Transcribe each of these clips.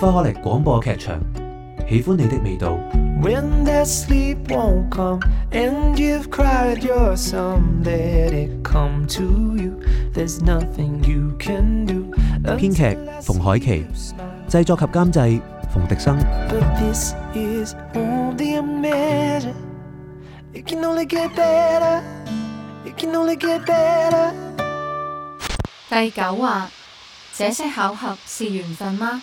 花花力廣播劇場，喜歡你的味道。編劇馮海琪，製作及監製馮迪生。第九話，這些巧合是緣分嗎？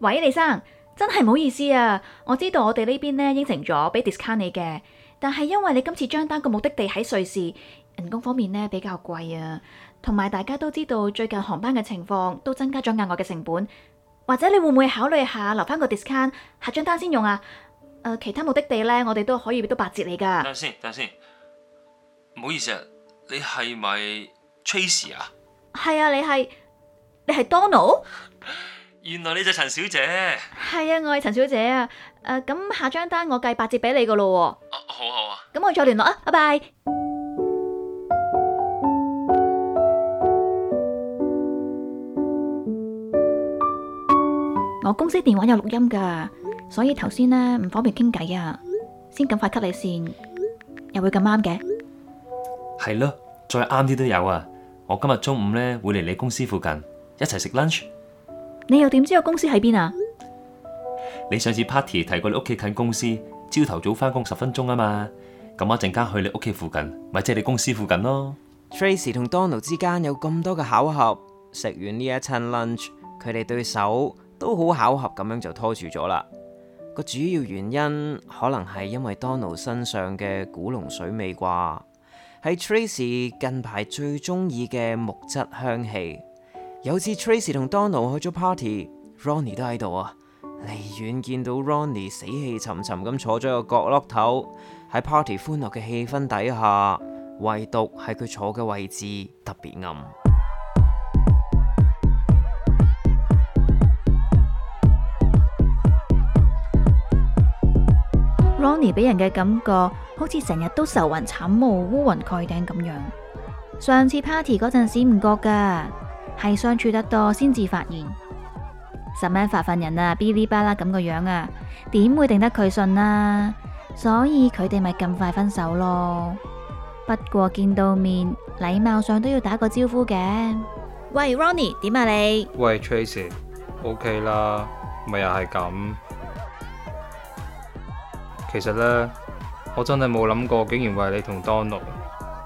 喂，李生，真係唔好意思啊！我知道我哋呢邊咧應承咗俾 discount 你嘅，但係因為你今次張單個目的地喺瑞士，人工方面咧比較貴啊，同埋大家都知道最近航班嘅情況都增加咗額外嘅成本，或者你會唔會考慮下留翻個 discount 下張單先用啊？誒、呃，其他目的地咧我哋都可以都八折你噶。等下先，等下先，唔好意思啊，你係咪 Tracy 啊？係啊，你係你係 Donald。原來你就陳小姐。係啊，我係陳小姐啊。誒，咁下張單我計八折俾你噶咯。哦，好好啊。咁我哋再聯絡啊，拜拜。我公司電話有錄音噶，所以頭先咧唔方便傾偈啊，先咁快 cut 你線，又會咁啱嘅？係咯，再啱啲都有啊。我今日中午咧會嚟你公司附近一齊食 lunch。你又點知我公司喺邊啊？你上次 party 提過你屋企近公司，朝頭早翻工，十分鐘啊嘛。咁我陣間去你屋企附近，咪即係你公司附近咯。Tracy 同 Donald 之間有咁多嘅巧合，食完呢一餐 lunch，佢哋對手都好巧合咁樣就拖住咗啦。個主要原因可能係因為 Donald 身上嘅古龍水味啩，係 Tracy 近排最中意嘅木質香氣。有次 Tracy 同 Donald 去咗 party，Ronnie 都喺度啊。離遠見到 Ronnie 死氣沉沉咁坐咗個角落頭，喺 party 歡樂嘅氣氛底下，唯獨係佢坐嘅位置特別暗。Ronnie 俾人嘅感覺好似成日都愁雲慘霧、烏雲蓋頂咁樣。上次 party 嗰陣時唔覺噶。係相處得多先至發現，Samantha 份人啊，嗶哩吧啦咁個樣，樣啊，點會定得佢信啊？所以佢哋咪咁快分手咯。不過見到面，禮貌上都要打個招呼嘅。喂，Ronnie，點啊你？喂，Tracy，OK 啦，咪又係咁。其實咧，我真係冇諗過，竟然係你同 Donald，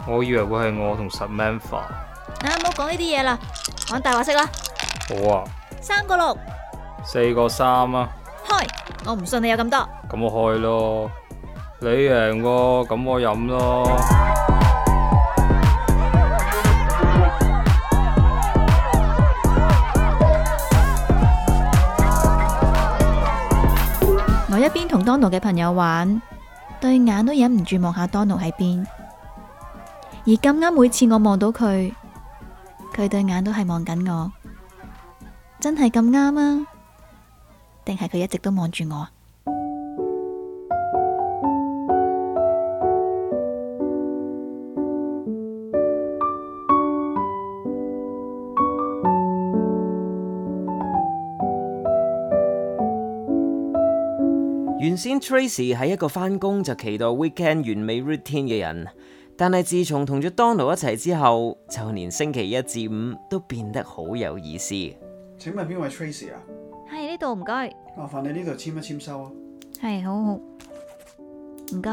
我以為會係我同 Samantha。啊，唔好講呢啲嘢啦。玩大話骰啦！好啊，三個六，四個三啊！開，我唔信你有咁多，多，咁我開咯。你贏喎，咁我飲咯。我一邊同 Donald 嘅朋友玩，對眼都忍唔住望下 Donald 喺邊。而咁啱每次我望到佢。佢對眼都係望緊我，真係咁啱啊？定係佢一直都望住我？原先 Tracey 係一個返工就期待 Weekend 完美 Routine 嘅人。但係自從同咗 Donald 一齊之後，就連星期一至五都變得好有意思。請問邊位 Tracy 啊？係呢度唔該。麻煩你呢度簽一簽收啊？係，好好唔該。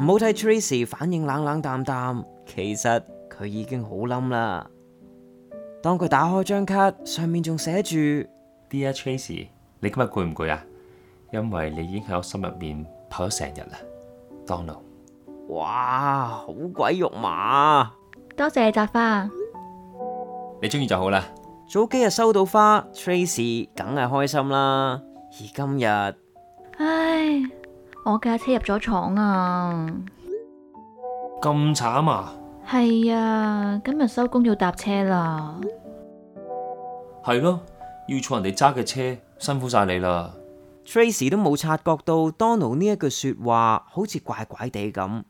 唔好睇 Tracy 反應冷冷淡淡，其實佢已經好冧啦。當佢打開張卡，上面仲寫住 Dear Tracy，你今日攰唔攰啊？因為你已經喺我心入面跑咗成日啦，Donald，哇，好鬼肉麻。多謝摘花，你鍾意就好啦。早幾日收到花，Tracy 梗係開心啦。而今日，唉，我架車入咗廠啊，咁慘啊！係啊，今日收工要搭車啦。係咯、啊，要坐人哋揸嘅車，辛苦晒你啦。Trace 都冇察覺到 Donald 呢一句說話好似怪怪地咁。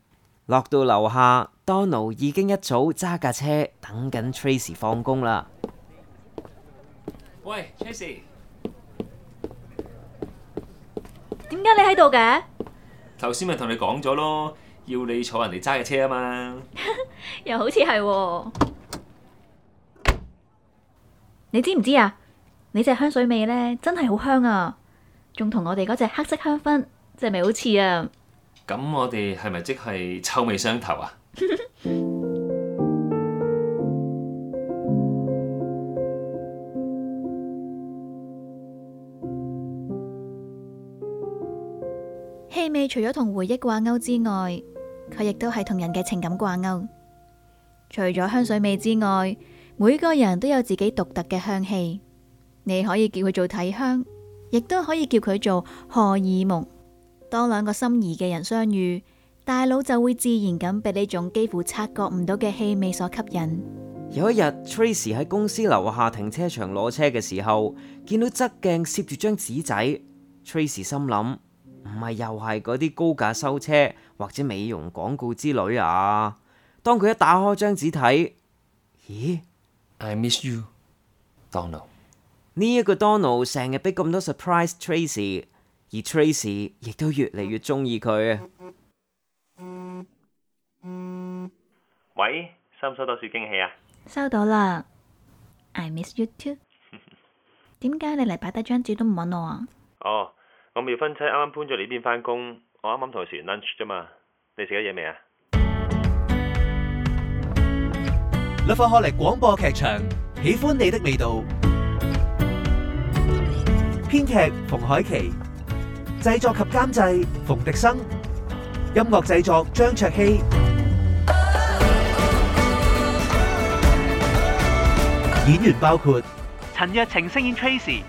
落到樓下，Donald 已經一早揸架車等緊 Tracy 放工啦。喂，Tracy，點解你喺度嘅？頭先咪同你講咗咯，要你坐人哋揸嘅車啊嘛。 又好似係、啊，你知唔知啊？你隻香水味咧，真係好香啊！仲同我哋嗰隻黑色香薰，即係咪好似啊？咁我哋係咪即係臭味相投啊？氣 味 除咗同回憶掛鈎之外，佢亦都係同人嘅情感掛鈎。除咗香水味之外，每個人都有自己獨特嘅香氣。你可以叫佢做體香。亦都可以叫佢做荷爾蒙。當兩個心儀嘅人相遇，大佬就會自然咁被呢種幾乎察覺唔到嘅氣味所吸引。有一日，Tracy 喺公司樓下停車場攞車嘅時候，見到側鏡攝住張紙仔，Tracy 心諗：唔係又係嗰啲高價收車或者美容廣告之類啊？當佢一打開張紙睇，咦？I miss you，Donald。.呢、這、一個 Donald 成日俾咁多 surprise Tracy，而 Tracy 亦都越嚟越中意佢。啊。喂，收唔收到小驚喜啊？收到啦，I miss you too。 點解你嚟擺低張紙都唔揾我啊？哦，我未婚妻啱啱搬咗你呢邊翻工，我啱啱同佢食完 lunch 啫嘛。你食咗嘢未啊？樂法學嚟廣播劇場，喜歡你的味道。編劇馮海琪，製作及監製馮迪生，音樂製作張卓熙。演員包括陳若晴飾演 Tracy，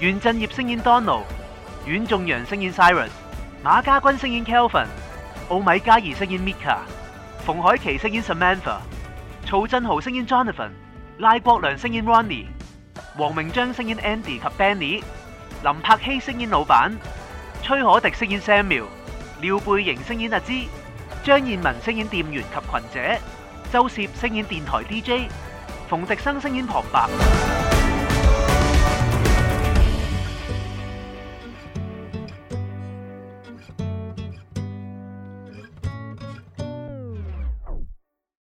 袁振業飾演 Donald，阮仲洋飾演 Siren，馬家軍飾演 Kelvin，奧米加兒飾演 Mika，馮海琪飾演 Samantha，曹振豪飾演 Jonathan，賴國良飾演 Ronnie，黃明章飾演 Andy 及 Benny。林柏希飾演老闆，崔可迪飾演 Samuel，廖貝瑩飾演阿芝，張燕文飾演店員及群姐，周攝飾演電台 DJ，馮迪生飾演旁白。